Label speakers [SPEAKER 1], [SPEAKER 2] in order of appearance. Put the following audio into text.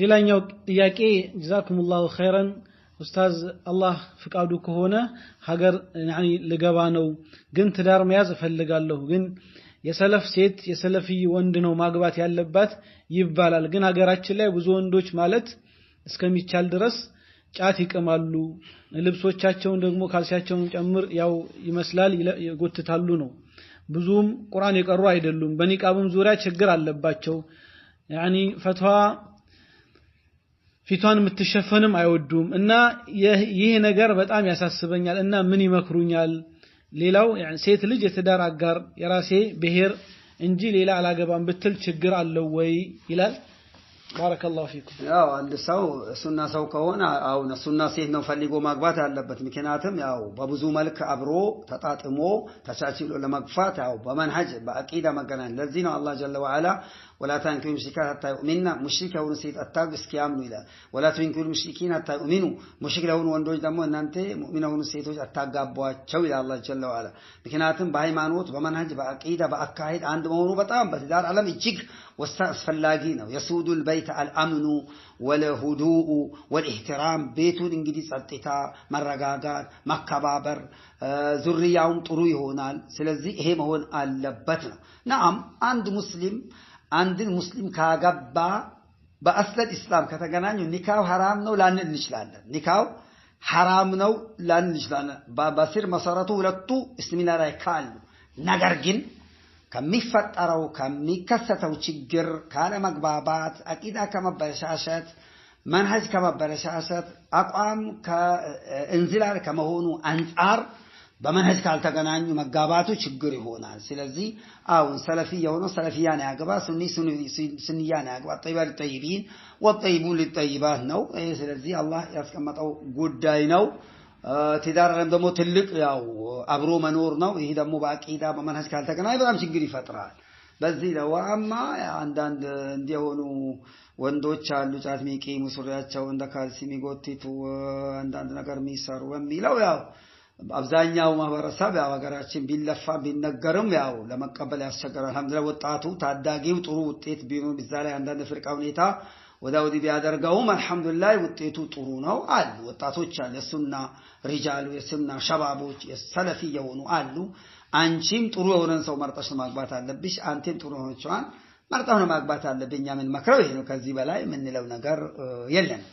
[SPEAKER 1] ሌላኛው ጥያቄ ጀዛኩሙላሁ ኸይረን ኡስታዝ አላህ ፍቃዱ ከሆነ ሀገር ልገባ ነው፣ ግን ትዳር መያዝ እፈልጋለሁ። ግን የሰለፍ ሴት የሰለፍይ ወንድ ነው ማግባት ያለባት ይባላል። ግን ሀገራችን ላይ ብዙ ወንዶች ማለት እስከሚቻል ድረስ ጫት ይቅማሉ። ልብሶቻቸውን ደግሞ ካልሲያቸውን ጨምር ያው ይመስላል ይጎትታሉ ነው። ብዙም ቁርአን የቀሩ አይደሉም። በኒቃቡም ዙሪያ ችግር አለባቸው። ያኒ ፈትዋ ፊቷን የምትሸፈንም አይወዱም እና ይህ ነገር በጣም ያሳስበኛል እና ምን ይመክሩኛል? ሌላው ሴት ልጅ የትዳር አጋር የራሴ ብሔር እንጂ ሌላ አላገባም ብትል ችግር አለው ወይ ይላል። ባረከ ላሁ ፊኩም።
[SPEAKER 2] ያው አንድ ሰው እሱና ሰው ከሆነ አሁን እሱና ሴት ነው ፈልጎ ማግባት ያለበት። ምክንያቱም ያው በብዙ መልክ አብሮ ተጣጥሞ ተቻችሎ ለመግፋት ያው በመንሀጅ በአቂዳ መገናኘት። ለዚህ ነው አላህ ጀለ ወዓላ ወላ ታንኪሁ ሙሽሪካት ሐታ ዩእሚንና ሙሽሪክ የሆኑ ሴት አታግቡ እስኪያምኑ ይላል። ወላ ቱንኪሁ ሙሽሪኪን ሐታ ዩእሚኑ ሙሽሪክ ለሆኑ ወንዶች ደግሞ እናንተ ሙእሚን የሆኑ ሴቶች አታጋቧቸው ይላል አላህ ጀለ ወዓላ። ምክንያቱም በሃይማኖት በመንሀጅ በአቂዳ በአካሄድ አንድ መሆኑ በጣም በትዳር ዓለም እጅግ ወሳኝ አስፈላጊ ነው። የሱዱል በይት تاع الأمن والهدوء والاحترام بيتون انجدي صلتتا مرقاقات مكبابر آه، ذرياهم طرو يهونال سلزي هي مهون ألبتنا نعم عند مسلم عند المسلم كاقبا በአስለ ኢስላም ከተገናኙ ኒካው ሐራም ነው ላንል እንችላለን። ኒካው ሐራም ነው ላንል እንችላለን። በስር መሰረቱ ሁለቱ እስልምና ላይ ካሉ ነገር ግን ከሚፈጠረው ከሚከሰተው ችግር ካለመግባባት፣ አቂዳ ከመበለሻሸት፣ መንሀጅ ከመበለሻሸት፣ አቋም እንዝላል ከመሆኑ አንጻር በመንሀጅ ካልተገናኙ መጋባቱ ችግር ይሆናል። ስለዚህ አሁን ሰለፊ የሆነው ሰለፊያን ያግባ፣ ሱኒ ሱኒያን ያግባ፣ ጠይባ ሊጠይቢን ወጠይቡን ሊጠይባት ነው። ስለዚህ አላህ ያስቀመጠው ጉዳይ ነው። ትዳር ዓለም ደግሞ ትልቅ ያው አብሮ መኖር ነው። ይሄ ደግሞ በአቂዳ በመንሀጅ ካልተገናኝ በጣም ችግር ይፈጥራል። በዚህ ለዋማ አንዳንድ እንዲሆኑ ወንዶች አሉ ጫት ሚቂ ሙሱሪያቸው እንደ ካልሲ የሚጎትቱ አንዳንድ ነገር የሚሰሩ የሚለው ያው አብዛኛው ማህበረሰብ ያው ሀገራችን ቢለፋ ቢነገርም ያው ለመቀበል ያስቸገራል። አልሐምዱሊላህ ወጣቱ ታዳጊው ጥሩ ውጤት ቢኖር ቢዛ ላይ አንዳንድ ፍርቃ ሁኔታ ወዳ ወዲህ ቢያደርገውም አልሐምዱሊላህ ውጤቱ ጥሩ ነው አሉ ወጣቶች አሉ የሱና ሪጃሉ የሱና ሸባቦች የሰለፊ የሆኑ አሉ። አንቺም ጥሩ የሆነን ሰው መርጠሽ ነው ማግባት አለብሽ። አንቴም ጥሩ የሆነችዋን መርጠው ነው ማግባት አለብኝ። እኛ ምን መክረው ይሄ ነው። ከዚህ በላይ የምንለው ነገር የለም።